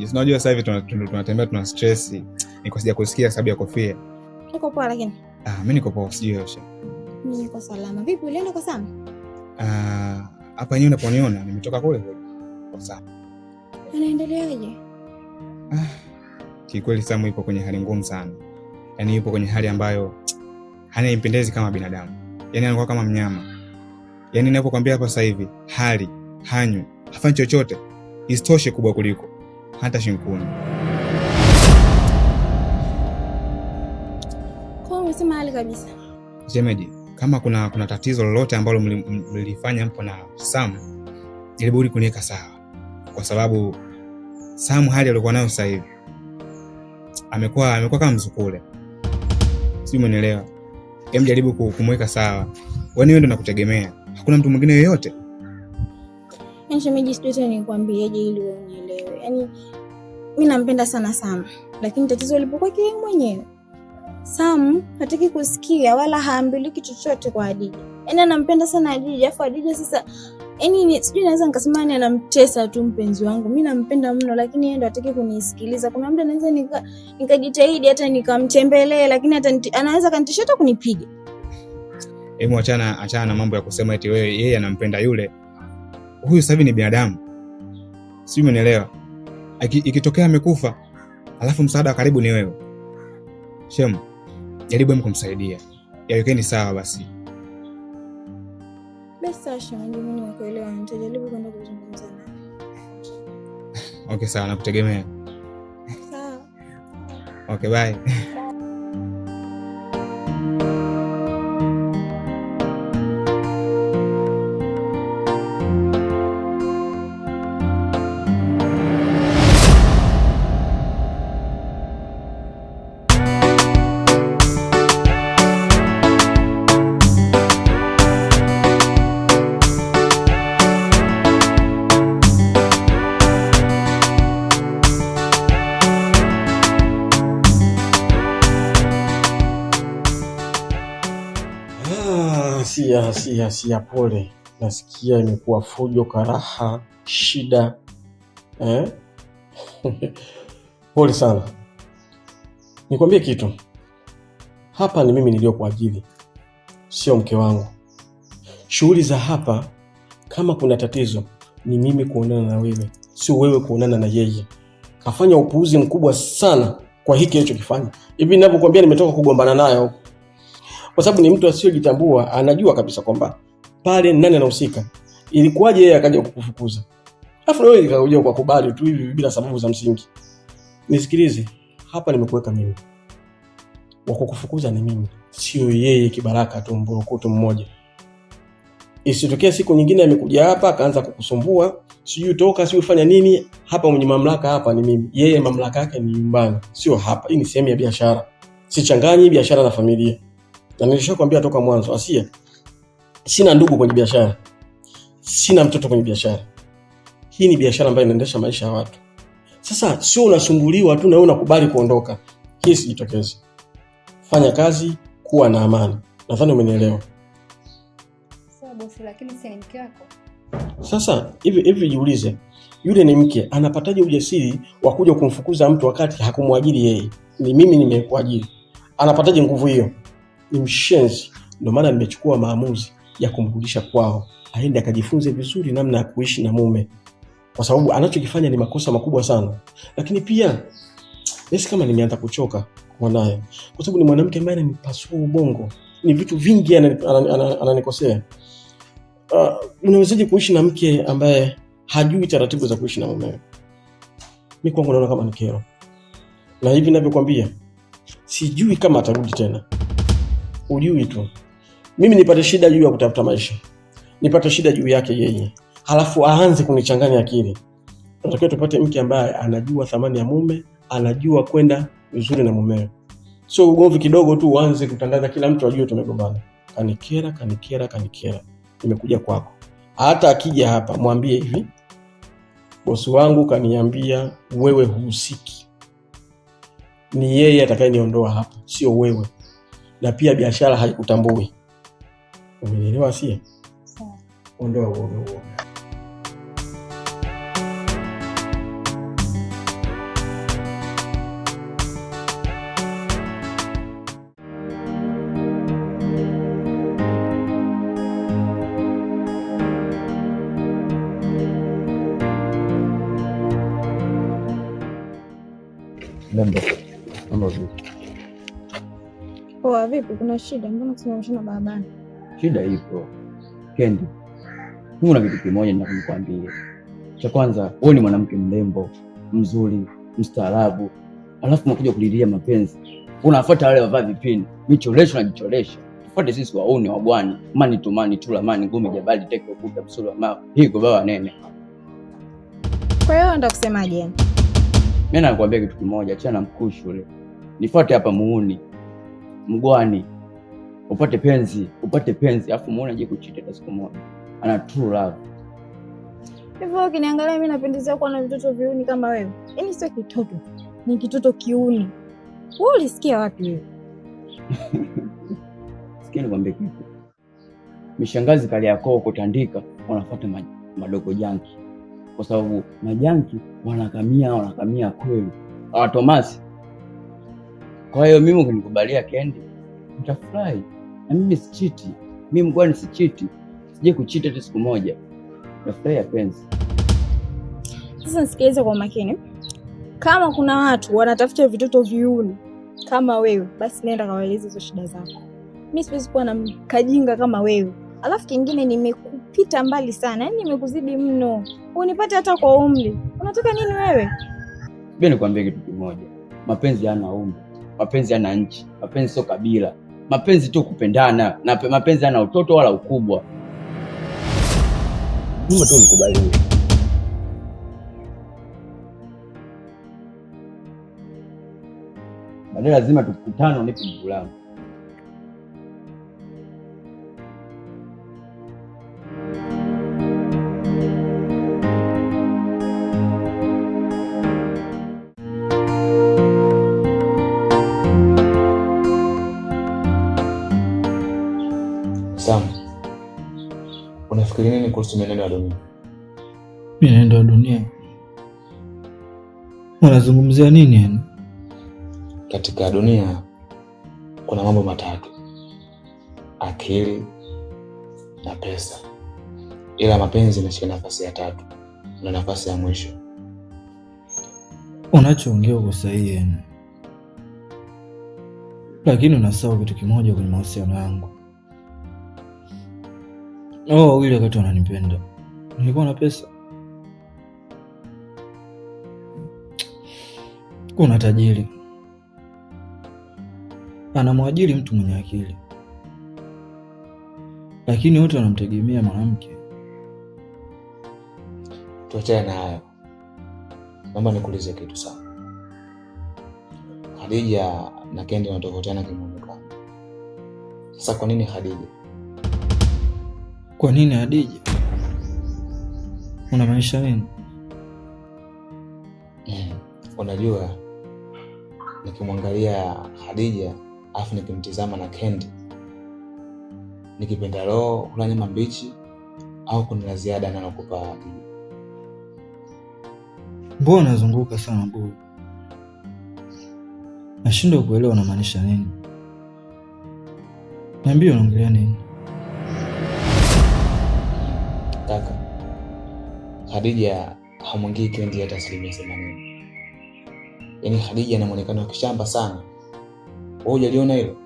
pages. Unajua sasa hivi tunatembea tuna stress. Nikosija kusikia sababu ya kofia. Niko poa lakini. Ah, mimi niko poa sijui wewe. Mimi niko salama. Vipi ulienda kwa Sam? Ah, hapa yeye unaponiona nimetoka kule kule. Kwa Sam. Anaendeleaje? Ah, kikweli Sam yupo kwenye hali ngumu sana. Yaani yupo kwenye hali ambayo hanimpendezi kama binadamu. Yaani anakuwa kama mnyama. Yaani ninapokuambia hapa sasa hivi hali hanywi hafanyi chochote, isitoshe kubwa kuliko hata Shinkuni. Kwa umesema hali kabisa. Shemeji, kama kuna kuna tatizo lolote ambalo mlilifanya mpo na Sam, ilibudi kuniweka sawa, kwa sababu Sam hali alikuwa nayo sasa hivi amekuwa amekuwa kama mzukule, si umeelewa? Hem, jaribu kumweka sawa, wewe ndio nakutegemea, hakuna mtu mwingine yoyote. Yaani shemeji, sijui tena nikwambieje ili unielewe. Yaani mi nampenda sana Sam, lakini tatizo lipokuwa kile mwenyewe. Sam hataki kusikia wala haambiliki chochote kwa Adija, yaani anampenda sana Adija, afu Adija sasa yaani sijui naweza nikasema ni yaani anamtesa tu mpenzi wangu. Mimi nampenda mno, lakini yeye ndo hataki kunisikiliza. Kuna muda naweza nikajitahidi hata nikamtembelee, lakini hata anaweza kanitisha hata kunipiga. Hebu achana achana na mambo ya kusema eti wewe yeye anampenda yule. Huyu sasa ni binadamu, sijui umenielewa? ikitokea amekufa, alafu msaada wa karibu ni wewe Shemu, jaribu hem kumsaidia, yawekeni sawa basi. Okay, sawa, nakutegemea. Okay, bye. Nasikia hasia hasia, pole. Nasikia imekuwa fujo, karaha, shida eh? Pole sana. Nikwambie kitu, hapa ni mimi niliyo kwa ajili, sio mke wangu. Shughuli za hapa, kama kuna tatizo ni mimi kuonana na wewe, sio wewe kuonana na yeye. Kafanya upuuzi mkubwa sana kwa hiki alichokifanya. Hivi ninavyokuambia, nimetoka kugombana nayo kwa sababu ni mtu asiyojitambua anajua kabisa kwamba pale nani anahusika. Ilikuwaje yeye akaja kukufukuza? Alafu wewe ikakuja kwa kubali tu hivi bila sababu za msingi. Nisikilize, hapa nimekuweka mimi. Wa kukufukuza ni mimi, sio yeye kibaraka tu mburukutu mmoja. Isitokee siku nyingine amekuja hapa akaanza kukusumbua, sijui toka, sijui fanya nini. Hapa mwenye mamlaka hapa ni mimi. Yeye mamlaka yake ni nyumbani, sio hapa. Hii ni sehemu ya biashara. sichanganyi biashara na familia na nilishakwambia toka mwanzo, Asia, sina ndugu kwenye biashara, sina mtoto kwenye biashara. Hii ni biashara ambayo inaendesha maisha ya watu. Sasa sio unasumbuliwa tu na wewe unakubali kuondoka. Hii sijitokeze, fanya kazi, kuwa na amani. Nadhani umenielewa. Sasa hivi hivi, jiulize, yule ni mke, anapataje ujasiri wa kuja kumfukuza mtu wakati hakumwajiri yeye? Ni mimi nimekuajiri, anapataje nguvu hiyo? ni mshenzi. Ndio maana nimechukua maamuzi ya kumrudisha kwao, aende akajifunze vizuri namna ya kuishi na mume, kwa sababu anachokifanya ni makosa makubwa sana. Lakini pia nesi kama nimeanza kuchoka kuwa naye, kwa sababu ni mwanamke ambaye ananipasua ubongo, ni vitu vingi ananikosea. Uh, unawezaje kuishi na mke ambaye hajui taratibu za kuishi na mume? Mi kwangu naona kama ni kero, na hivi navyokwambia, sijui kama atarudi tena ujui tu. Mimi nipate shida juu ya kutafuta maisha, nipate shida juu yake yeye, halafu aanze kunichanganya akili. Natakiwa tupate mke ambaye anajua thamani ya mume, anajua kwenda vizuri na mumewe, sio ugomvi kidogo tu uanze kutangaza, kila mtu ajue tumegombana. Kanikera, kanikera, kanikera, nimekuja kwako. Hata akija hapa mwambie hivi, bosi wangu kaniambia wewe huhusiki, ni yeye atakayeniondoa hapa, sio wewe na pia biashara haikutambui. Umenielewa sie? Ondoa uoga uoga. Vipi, kuna shida? Mbona tunaoneshana barabara? Shida ipo Kendi, mimi na kitu kimoja ninakwambia. Cha kwanza, wewe ni mwanamke mrembo, mzuri, mstaarabu, alafu unakuja kulilia mapenzi. Unafuata wale wavaa vipini, micholesho na jicholesho. Tufuate sisi wauni wa bwana, mani tu mani tu la mani ngumi jabali teke ukuta msuri wa mawe. Hii kwa baba nene. Kwa hiyo ndo kusemaje? Mimi nakwambia kitu kimoja, achana mkushu ule. Nifuate hapa muuni mgwani, upate penzi, upate penzi, afu muone aje kuchita hata siku moja. Ana true love. Hivyo ukiniangalia mimi napendezea kuwa na vitoto viuni kama wewe. Yani sio kitoto, ni kitoto kiuni. Wewe ulisikia wapi wewe? Sikia nikwambie kitu. Mishangazi kali yako kutandika, wanafuata madogo janki. Kwa sababu majanki wanakamia, wanakamia kweli. Hawatomasi kwa hiyo mimi ukinikubalia kendi, nitafurahi na mimi sichiti, mimi mgwani sichiti, sije kuchiti hata siku moja. Nitafurahi penzi. Sasa nisikilize kwa makini, kama kuna watu wanatafuta vitoto viuni kama wewe, basi nenda kawaeleze hizo shida zako. Mimi siwezi kuwa na kajinga kama wewe. Alafu kingine, nimekupita mbali sana, yaani nimekuzidi mno, unipate hata kwa umri. Unataka nini wewe? Nikwambie kitu kimoja, mapenzi yana umri mapenzi yana nchi, mapenzi sio kabila, mapenzi tu kupendana, na mapenzi yana utoto wala ukubwa. Mimi tu nikubalie. Baadaye lazima tukutane, unipe mkulangu. kuhusu mienendo ya dunia. Mienendo ya dunia anazungumzia nini? Yani katika dunia kuna mambo matatu: akili na pesa, ila mapenzi inashika nafasi ya tatu na nafasi ya mwisho. Unachoongea uko sahihi, lakini unasahau kitu kimoja kwenye mahusiano yangu hao oh, wawili wakati wananipenda nilikuwa na pesa, kuna tajiri anamwajiri mtu mwenye akili, lakini wote wanamtegemea mwanamke. Tuachane na hayo, naomba nikuulize kitu sana. Khadija na Kendi wanatofautiana kimuonekano. Sasa kwa nini Khadija kwa nini Hadija? Unamaanisha nini? unajua nikimwangalia Hadija afu nikimtizama na Kendi, nikipenda roho kula nyama mbichi au kuna la ziada nanakupa Hadija? Mbona unazunguka sana buu, nashindwa kuelewa unamaanisha nini? Niambie unaongelea nini? Khadija hamwingii kendi hata asilimia themanini. Yaani Khadija ana muonekano wa kishamba sana. Wewe hujaliona hilo?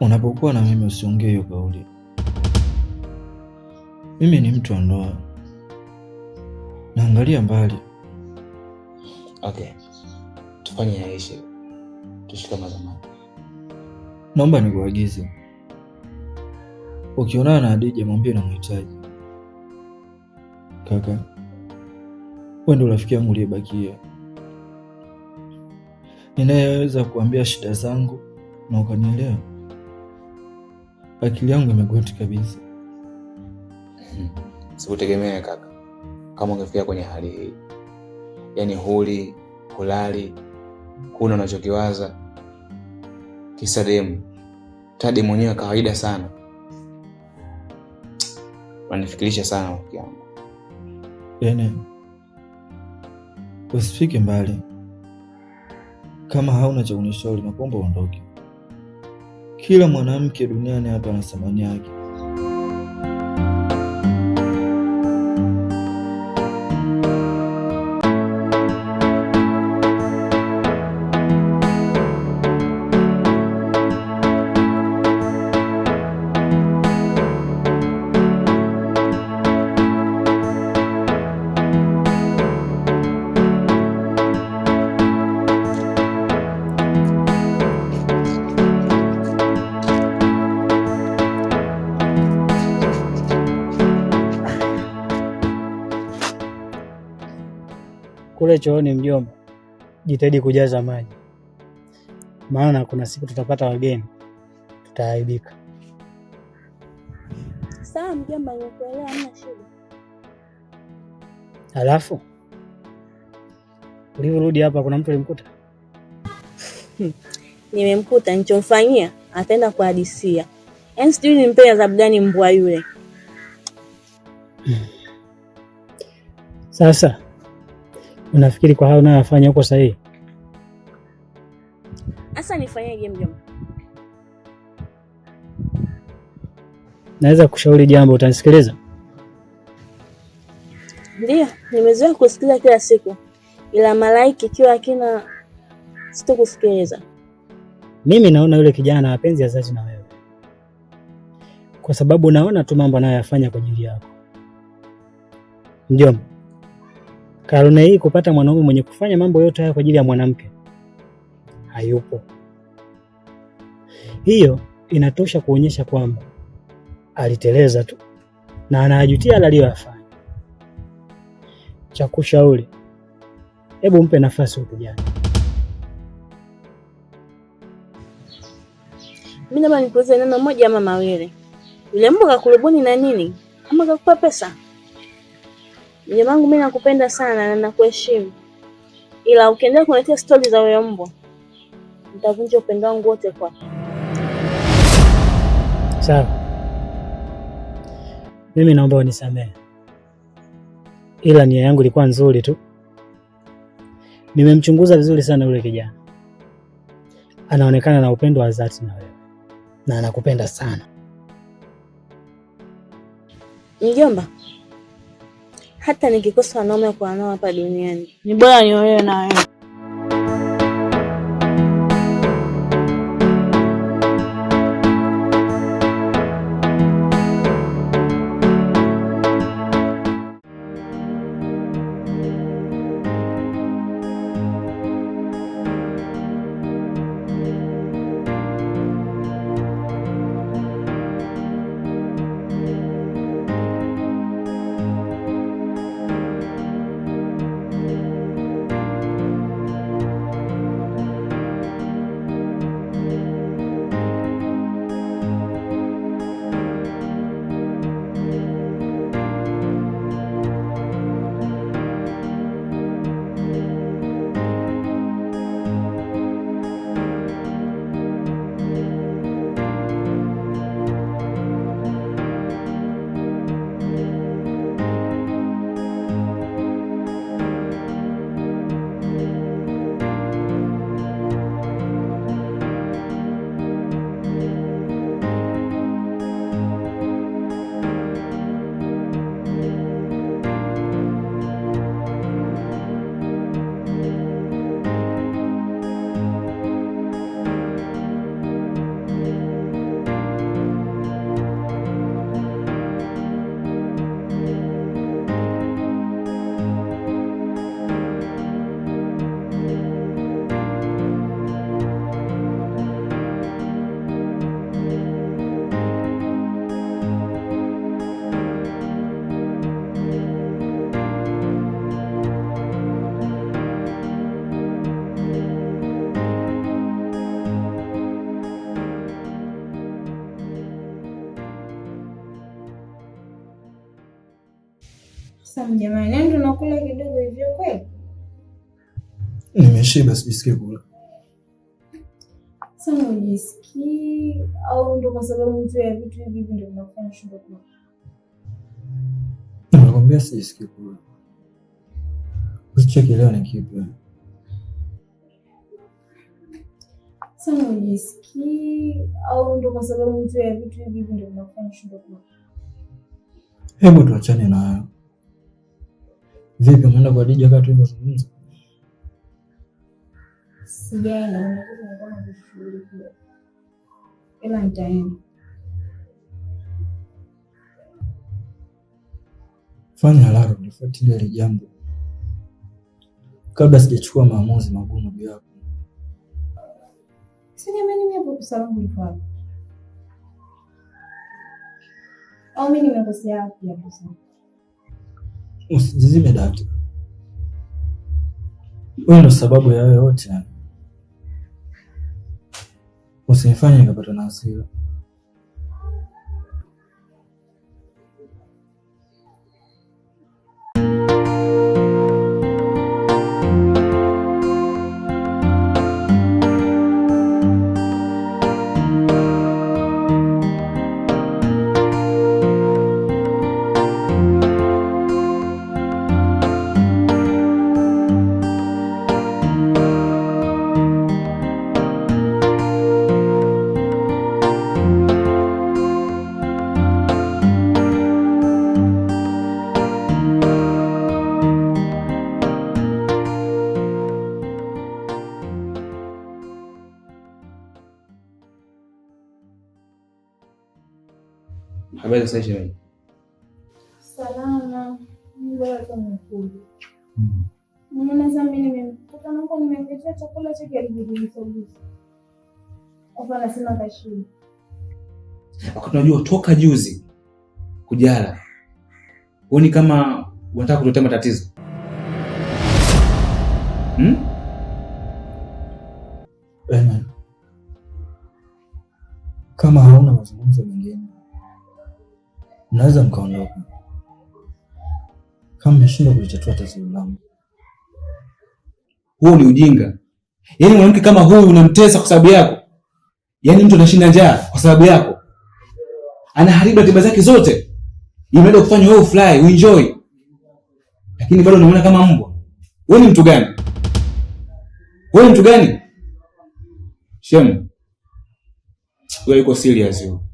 Unapokuwa na mimi usiongee hiyo kauli. Mimi ni mtu wa ndoa, naangalia mbali. Okay, tufanye yaishi, tushika mazamani. Naomba nikuagize, ukiona na Hadija mwambie namhitaji kaka, wewe ndio rafiki yangu uliyebakia, ninayeweza kuambia shida zangu na ukanielewa. Akili yangu imegoti kabisa. Hmm. Sikutegemea kaka, kama ungefika kwenye hali hii. Yaani huli kulali, kuna unachokiwaza kisa demu tade mwenyewe kawaida sana, unanifikirisha sana rafiki yangu. Yani usifike mbali kama hauna cha kunishauri, nakuomba uondoke. Kila mwanamke duniani hapa ana thamani yake. kule chooni, mjomba, jitahidi kujaza maji, maana kuna siku tutapata wageni, tutaaibika. Sawa mjomba, nikuelewa, hamna shida. Halafu ulivyorudi hapa, kuna mtu alimkuta? Nimemkuta, nichomfanyia ataenda kuhadisia. Yaani sijui nimpee adhabu gani mbwa yule. Sasa Unafikiri kwa haya unayofanya huko sahihi? Sasa nifanyeje mjomba? Naweza kushauri jambo, utanisikiliza? Ndio, nimezoea kusikiliza kila siku, ila malaiki kiwa akina sitokusikiliza. Mimi naona yule kijana ana mapenzi ya zazi na wewe, kwa sababu naona tu mambo anayoyafanya kwa ajili yako mjomba. Karne hii kupata mwanaume mwenye kufanya mambo yote haya kwa ajili ya mwanamke hayupo. Hiyo inatosha kuonyesha kwamba aliteleza tu na anajutia yale aliyoyafanya. Cha kushauri, hebu mpe nafasi huyu kijana. Mimi labda nikuulize neno moja ama mawili, yule mbo kakurubuni na nini ama kakupa pesa? Mjomba wangu, mimi nakupenda sana na nakuheshimu, ila ukiendelea kuniletea stori za wewe mbwa, nitavunja upendo wangu wote kwa Sawa, mimi naomba unisamehe, ila nia yangu ilikuwa nzuri tu. Nimemchunguza vizuri sana yule kijana, anaonekana na upendo wa dhati na wewe, na anakupenda sana mjomba hata nikikosa wanaume kwa wanao hapa duniani ni bora niolewe na wewe. chakula kidogo hivyo kweli? Nimeshiba, sijisikii kula. Sana ujisikii au ndo kwa sababu tu ya vitu hivi ndio vinafanya shida kula? Nakwambia sijisikii kula. Usicheki leo ni kipi? Sana ujisikii au ndo kwa sababu tu ya vitu hivi ndio vinafanya shida kula? Hebu tuachane nayo. Vipi umeenda kwa Dija kama tulivyozungumza? Sijaenda, ila nitaenda. Fanya haraka kulifuatilia ile jambo kabla sijachukua maamuzi magumu juu yako. Au mimi nimekosea hapo? Usijizime datu, wewe ndo sababu ya yoyote. Usinifanye nikapatwa na hasira. Habari sasa shemeji? Salama. Mm. Tunajua toka juzi kujala, huoni kama unataka kutotea matatizo hmm? Kama hauna mazungumzo mengine mnaweza mkaondoka kama mmeshindwa kulitatua tatizo langu. Huo ni ujinga. Yaani mwanamke kama huyu unamtesa kwa sababu yako, yaani mtu anashinda njaa kwa sababu yako, anaharibu ratiba zake zote, imeenda kufanya wewe ufurahi uenjoy, lakini bado unamwona kama mbwa. Wewe ni mtu gani? Wewe ni mtu gani? Shem, wewe uko serious huyo